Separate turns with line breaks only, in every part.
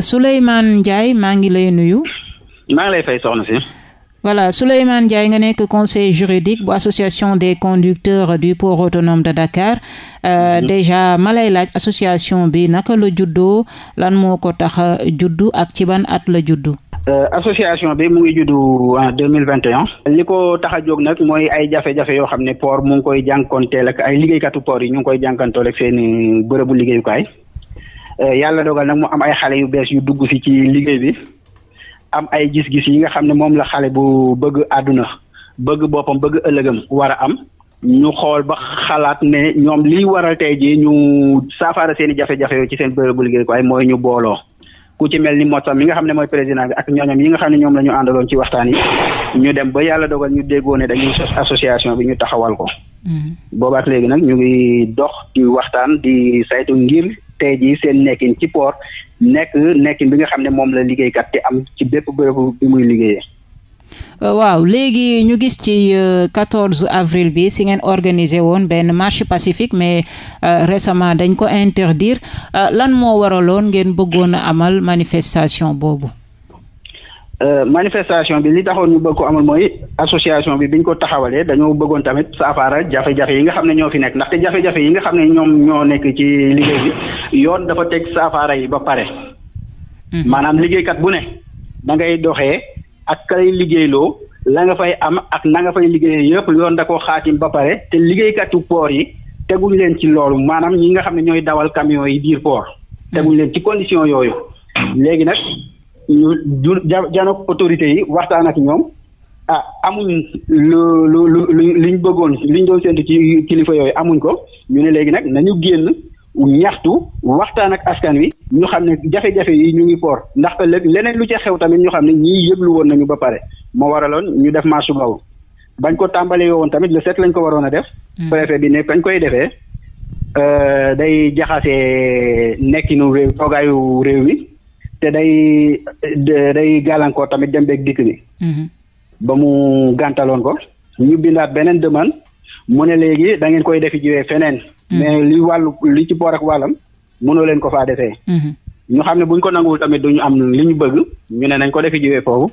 Souleymane Ndiaye maa ngi lay nuyu.
maa ngi lay fay soxna si.
voilà Souleymane Ndiaye nga nekk conseil juridique bu association des conducteurs du port autonome de Dakar euh, mhm. déjà ma lay laaj association bi naka la juddoo lan moo ko tax a juddu ak ci ban at la juddu. Euh, association
bi mu ngi juddu en deux mille vingt et li ko tax a jóg nag mooy ay jafe-jafe yoo xam ne por mu ngi koy jànkonteel ak ay liggéeykatu por yi ñu ngi koy jànkanteel ak seen i bërëbu liggéeyukaay. Euh, yàlla dogal nag mu am ay xale yu bees yu dugg si ci liggéey bi am ay gis-gis yi nga xam ne moom la xale bu bëgg àdduna bëgg boppam bëgg ëllëgam war a am ñu xool ba xalaat ne ñoom liy waral tey jii ñu saafara seen i jafe-jafe yooyu ci seen bu liggéey waaye mooy ñu booloo ku ci mel ni Motam mi nga xam ne mooy président bi ak ñooñam yi nga xam ne ñoom la ñu àndaloon ci waxtaan yi ñu dem ba yàlla dogal ñu déggoo ne dañuy sos association bi ñu taxawal ko. Mm-hmm. tey jii seen nekkin ci port nekk nekkin bi nga xam ne moom la liggéeykat di am ci bépp bërëb bi muy liggéeyee.
Euh, waaw léegi ñu gis ci 14 euh, avril bi si ngeen organisé woon benn marche pacifique mais euh, récemment dañ ko interdire lan moo waraloon ngeen bëggoon a amal manifestation boobu.
Euh, manifestation bi li taxoon ñu bëgg ko amal mooy association bi biñ ko taxawalee dañoo bëggoon tamit saafara jafe-jafe yi nga xam ne ñoo fi nekk ndaxte jafe yi nga xam ne ñoom ñoo nekk ci liggéey bi yoon dafa teg saafara yi ba pare. Hmm. maanaam liggéeykat bu ne da ngay doxee ak kay liggéeyloo la nga fay am ak na nga fay liggéeyee yëpp yoon da koo xaatim ba pare te liggéeykatu port yi teguñ leen ci loolu maanaam ñi nga xam ne ñooy dawal camion yi biir port. Hmm. teguñ leen ci condition yooyu léegi nag. ñu janook autorités yi waxtaan ak ñoom ah amuñ lu lu lu liñ bëggoon liñ doon séntu ci kilifa yooyu amuñ ko ñu ne léegi nag nañu génn ñaxtu waxtaan ak askan wi ñu xam ne jafe-jafe yi ñu ngi poor ndax ëllëg leneen lu ca xew tamit ñu xam ne ñii yëglu woon nañu ba pare moo waraloon ñu def marche boobu bañ ko tàmbalee woon tamit le sept lañ ko waroon a def. Hmm. préfet bi ne kañ koy defee euh, day jaxasee nekkinu réew toogaayu réew mi. te day day gàllankoor tamit dem beeg dikk bi. Mm-hmm. ba mu gàntaloon ko. ñu bindaat beneen demande mu ne léegi da ngeen koy defi jiwee feneen. Mm-hmm. mais li wàllu li ci boor ak wàllam mënoo leen ko faa defee. Mm-hmm. ñu xam ne buñ ko nanguwul tamit duñu am li ñu bëgg ñu ne nañ ko defi jiwee foofu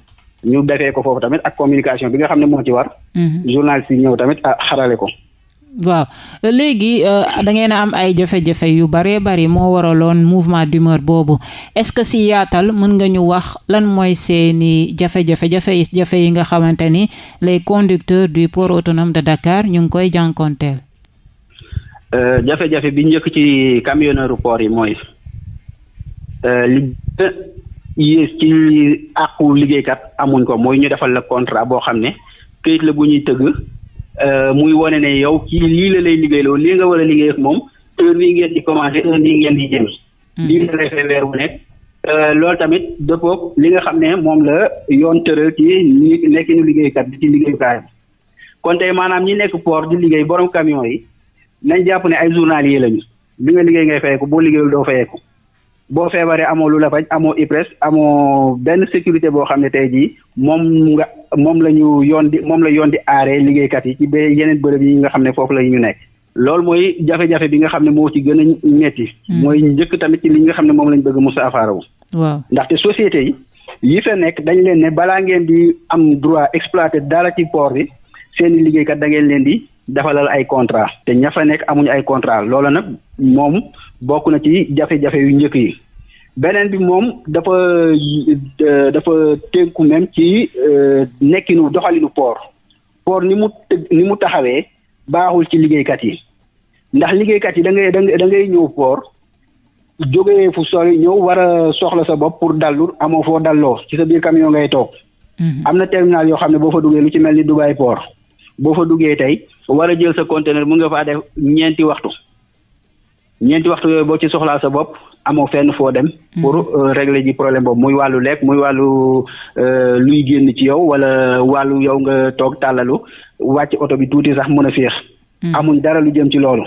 ñu defee ko foofu tamit ak communication bi nga xam ne moo ci war. journaliste si ñëw tamit ah xarale ko.
waaw léegi euh, da ngeen am ay jafe-jafe yu baree bari moo waraloon mouvement d'humeur boobu est-ce que si yaatal mën nga ñu wax lan mooy seeni jafe-jafe jafe-jafe yi nga xamante ni les conducteurs du port autonome de Dakar ñu ngi koy jànkonteel.
Euh,
jafe-jafe bi njëkk ci camionneur port yi mooy euh, li yées ci àqu liggéeykat amuñ ko mooy ñu defal la contrat boo xam ne këyit la bu ñuy tëgg. Euh, muy wane ne yow kii lii la lay liggéeyloo lii nga wara a liggéey ak moom heure ngeen di commencé heure ngeen di jëm.
Hmm. lii la lay fay weer
euh, loolu tamit dëppoo li nga xam ne moom la yoon tëral ci ñi nekkinu liggéeykat bi ci liggéeyukaay bi kon tey maanaam ñi nekk port di liggéey borom camion yi nañ jàpp ne ay journalier lañu bi nga liggéey ngay fay ko boo liggéeyul doo fayee ko boo feebaree amoo lu la faj amoo IPRES amoo benn sécurité boo xam ne tey jii moom nga moom la ñu yoon di moom la yoon di aaree liggéeykat yi ci ba yeneen bërëb yi nga xam ne foofu la ñu nekk loolu mooy jafe-jafe bi nga xam ne moo ci gën a metti hmm. mooy njëkk tamit ci li nga xam ne moom lañ bëgg mu saafarawu waaw ndaxte société yi yi fa nekk dañ leen ne balaa ngeen di am droit exploiter dara ci port bi seeni liggéeykat da leen di defalal ay contrat te ña fa nekk amuñu ay contrat loola nag moom bokk na ci jafe-jafe yu njëkk yi beneen bi moom dafa euh, dafa tënku même ci euh, nekkinu doxalinu port port ni mu ni mu taxawee baaxul ci liggéeykat yi ndax liggéeykat yi da ngay da ngay ñëw port jógee fu sori ñëw war a soxla sa bopp pour dallu amoo foo dalloo ci sa biir camion ngay toog. Mhm. am na terminal yoo xam ne boo fa duggee lu ci mel ni Dubai port boo fa duggee tey war a jël sa conteneur mun nga faa def ñeenti waxtu ñeenti waxtu yooyu boo ci soxlaa sa bopp amoo fenn foo dem. pour mm-hmm. euh, régler ji problème boobu muy wàllu lekk muy wàllu euh, luy génn ci yow wala wàllu yow nga toog tàllalu wàcc oto bi tuuti sax mun a féex. Mm-hmm. amuñ dara lu jëm ci loolu.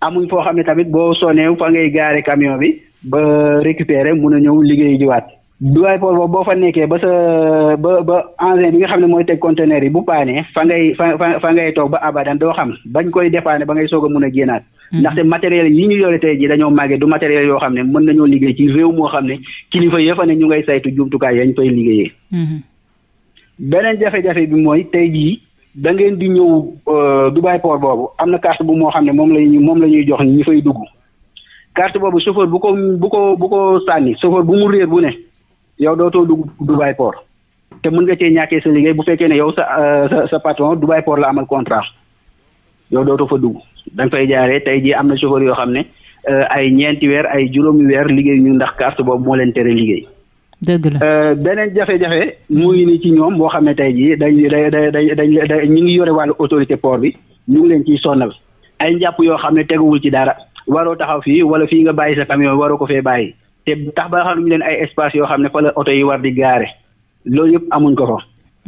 amuñ foo xam ne tamit boo sonee fa ngay gaare camion bi ba récupérer mun a ñëw liggéey jiwaat. duwaay pool boobu boo fa nekkee ba sa ba ba engin bi nga xam ne mooy teg conteneur yi bu paanee fa ngay fa fa ngay toog ba abadan doo xam bañ koy dépanne ba ngay soog a mun a génnaat mm-hmm. ndaxte matériel yi ñu yore tey ji dañoo màggee du matériel yoo xam ne mën nañoo liggéey ci réew moo xam ne kilifa ya fa ne ñu ngay saytu jumtukaay yañ fay liggéeyee mm-hmm. beneen jafe-jafe bi mooy tey jii da ngeen di ñëw euh, Dubai port boobu am na carte bu moo xam ne moom lañu moom la ñuy jox ñi fay dugg carte boobu chauffeur bu ko bu ko bu ko sànni chauffeur bu ne yow dootoo dugg Dubai port te mën nga cee ñàkkee sa liggéey bu fekkee ne yow sa euh, sa sa patron Dubai port la amal contrat yow dootoo fa dugg da nga fay jaaree tey jii am na chauffeur yoo xam ne euh, ay ñeenti weer ay juróomi weer liggéey ñu ndax carte boobu moo leen tere liggéey. dëgg la euh, beneen jafe-jafe mu ngi nii ci ñoom boo xam ne tey jii dañ dañ dañ dañ ñu ngi yore wàllu autorité port bi ñu ngi leen ciy sonnal ay njàpp yoo xam ne teguwul ci dara waroo taxaw fii wala fii nga bàyyi sa camion waroo ko fee bàyyi. te tax ba xam ñu leen ay espace yoo xam ne fa la oto yi war di gaare loolu yëpp amuñ ko ko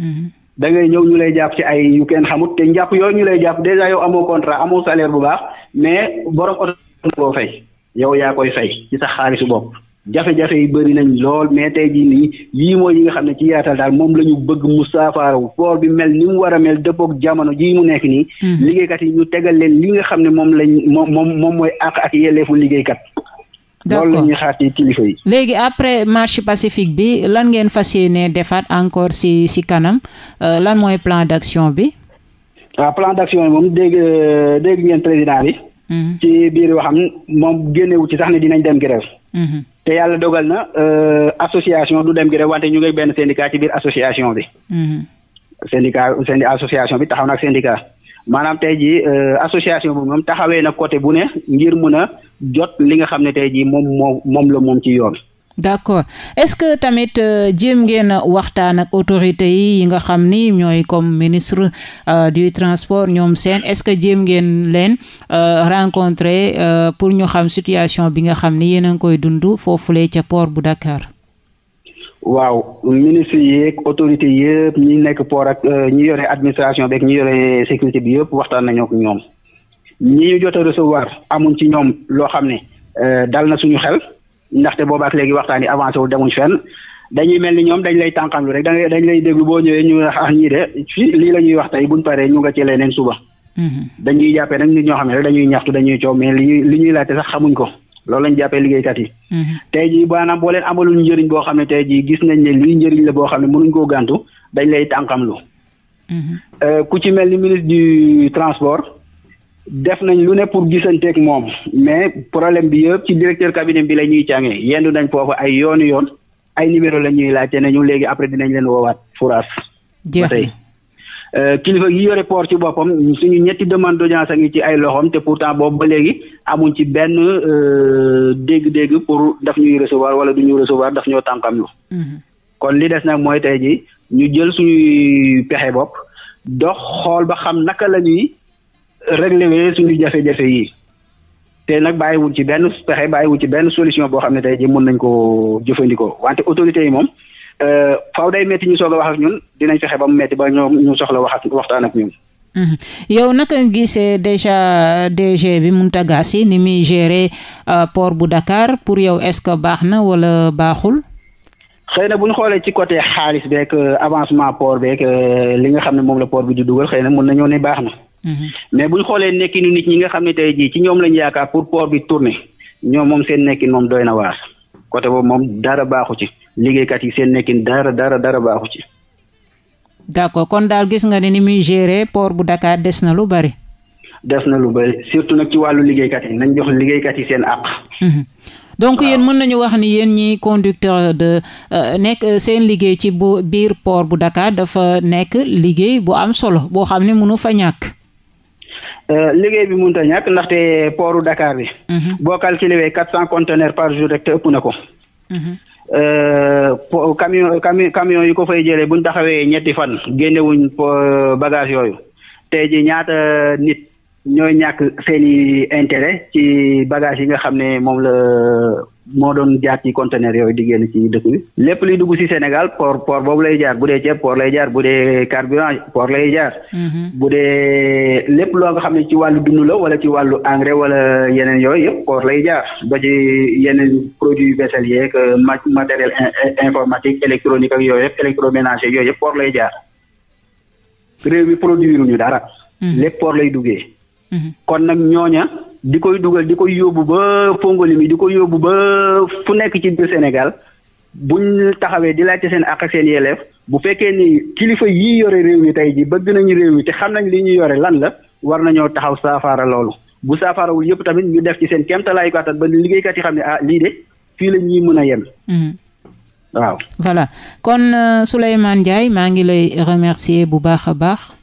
mhm. da ngay ñëw ñu lay jàpp ci ay yu kenn xamut te njàpp yooyu ñu lay jàpp dèjà yow amoon contrat amoo salaire bu baax mais borom oto boo fay yow yaa koy fay ci sa xaalisu bopp jafe-jafe yi bëri nañ lool mais tey jii nii yii mooy yi nga xam ne ci yaatal daal moom la ñu bëgg mu saafaarawu port bi mel ni mu war a mel dëppoog jamono jii mu nekk nii mhm. liggéeykat yi ñu tegal leen li nga xam ne moom lañ moom moom moom mooy àq ak yelleefu liggéeykat d'accord loolu la kilifa yi.
léegi après marché pacifique bi lan ngeen fas ne defaat encore si si kanam euh, lan mooy plan d'action bi.
waaw ah, plan d'action bi moom dégg euh, dégg ngeen président bi. Mhm. ci biir yoo xam moom génne wuti sax ne dinañ dem grève. Mhm. te yàlla dogal na euh, association du dem grève wante ñu ngi benn syndicat ci biir association bi. Mhm. syndicat syndi association bi taxaw na ak syndicat maanaam tey jii association bi moom taxawee na côté bu ne ngir mën a. jot li nga xam ne tey jii moom moom la moom ci yoon.
d' accord est ce que tamit euh, jéem ngeen waxtaan ak autorité yi yi nga xam ni ñooy comme ministre euh, du transport ñoom seen est ce que jéem ngeen leen euh, rencontrer pour ñu xam situation bi nga xam ni yéen a ngi koy dund foofu foofulee ca port bu Dakar.
waaw ministre yeeg autorités yëpp ñi nekk port ak ñu yore administration beeg ñu yore sécurité bi yëpp waxtaan nañoo ak ñoom. ñi ñu jot a recevoir amuñ ci ñoom loo xam ne euh, dal na suñu xel ndaxte boobaak léegi waxtaan yi avancé wu demuñ fenn dañuy mel ni ñoom dañ lay tànqamlu rek dañ dañ lay déglu boo ñëwee ñu ah ñii de ñuy wax tey buñ paree ñu nga ci leneen suba. Mm-hmm. dañuy jàppee nag nit ñoo xam ne rek dañuy ñaxtu dañuy coow mais li ñuy li ñuy laajte sax xamuñ ko loolu lañ jàppee liggéeykat yi. Mm-hmm. tey boo leen amaluñ njëriñ boo xam ne tey jii gis nañ ne lii njëriñ la boo xam ne mënuñ koo gàntu dañ lay tànqamlu. Mm-hmm. Euh, ku ci mel ni ministre du transport def nañ lu ne pour gisanteeg moom mais problème bi yëpp ci directeur cabinet bi la ñuy càngee yendu nañ foofu ay yoonu yoon ay numéro la ñuy laajte ne ñu léegi après dinañ leen woowaat furaas ba tey euh, kilifa yi yore port ci boppam suñu ñetti demande d'audience a ngi ci ay loxoom te pourtant boobu ba léegi amuñ ci benn euh, dégg-dégg pour daf ñuy recevoir wala du ñu recevoir daf ñoo tànkam lu mhm. kon li des nag mooy tey ji ñu jël suñuy pexe bopp dox xool ba xam naka la réglé wee suñu jafe-jafe yi te nag bàyyiwul ci benn pexe bàyyiwul ci benn solution boo xam ne tey ji mën nañ ko jëfandikoo wante autorités yi moom euh, faaw day metti ñu soog wax ak dinañ fexe ba mu metti ba ñoom ñu soxla wax ak waxtaan ak ñun.
Mhm. yow naka gisee déjà DG bi mu Mountaga Sy ni muy gérer euh, port bu Dakar pour yow est-ce que baax na wala baaxul.
xëy na bu ñu xoolee ci côté xaalis beeg euh, avancement port beeg li nga xam ne moom la port bi di dugal xëy na mën nañoo ne baax na. Mhm. mais bu ñu xoolee nekki nit ñi nga xam ne tey jii ci ñoom lañ yaakaar pour poor bi tourner ñoom moom seen nekkin moom doy na waar côté boobu moom dara baaxu ci liggéeykat yi seen nekkin dara dara dara baaxu ci.
d'accord kon daal gis nga ne ni muy gérer port bu Dakar des na lu bari.
des na lu bari surtout nag ci wàllu liggéeykat yi nañ jox liggéeykat yi seen àq.
Mhm. donc yéen mën nañu wax ni yéen ñi conducteur de euh, nekk euh, seen liggéey ci bu biir port bu Dakar dafa nekk liggéey bu am solo boo xam ne mënu fa ñàkk.
Euh, liggéey bi mun ta ñàkk ndaxte pooru Dakar bi.
Mhm.
boo
calculé quatre cent conteneurs par jour rek te ëpp na ko. Mhm. Euh, camion camion yi ko fay jëlee buñ taxawee ñetti fan génnewuñ bagage yooyu te ji ñaata nit. ñooy ñàkk seen i ci bagage yi nga xam ne moom la moo doon jaar ci conteneur yooyu di génn ci dëkk bi lépp luy dugg ci Sénégal port port boobu lay jaar bu dee ceeb port lay jaar bu dee carburant port lay jaar. Mhm. bu dee lépp loo nga xam ne ci wàllu dund la wala ci wàllu engrais wala yeneen yooyu yëpp port lay jaar ba ci yeneen produits yu vaisselle yeeg euh, matériel informatique électronique ak yooyu yëpp électroménager yooyu yëpp port lay jaar réew mi mhm. lay duggee. Mhm. kon nag ñooña di koy dugal di koy yóbbu ba Fongoli mi di koy yóbbu ba fu nekk ci biir Sénégal buñ taxawee di laajte seen àq seen yelleef bu fekkee ni kilifa yii yore réew mi tey ji bëgg nañu réew mi te xam nañ li ñuy yore lan la war na nañoo taxaw saafara loolu bu saafarawul yëpp tamit ñu def ci seen kéemtalaayu kàttan ba liggéeykat yi xam ne ah lii de fii la ñuy mën a yem. Mhm. waaw
voilà kon euh, Souleymane Ndiaye maa ngi lay remercier bu baax a baax.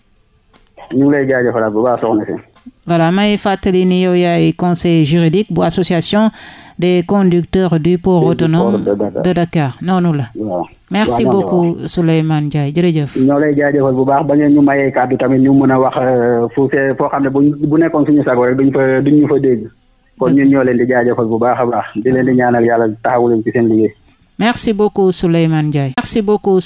ñu ngi lay jaajëfalaat bu baax soxna
voilà may fàttali ni yow yaay conseil juridique bu association des conducteurs du port autonome de Dakar noonu la merci beaucoup Souleymane Ndiaye jërëjëf
ñoo lay jaajëfal bu baax ba ngeen ñu mayee kàddu tamit ñu mën a wax euh, fu fee foo xam ne buñ bu nekkoon suñu sago rek duñ fa duñ ñu fa dégg kon ñun ñoo leen di jaajëfal bu baax a baax di leen di ñaanal yàlla taxawu leen ci seen liggéey
merci beaucoup Souleymane Ndiaye merci beaucoup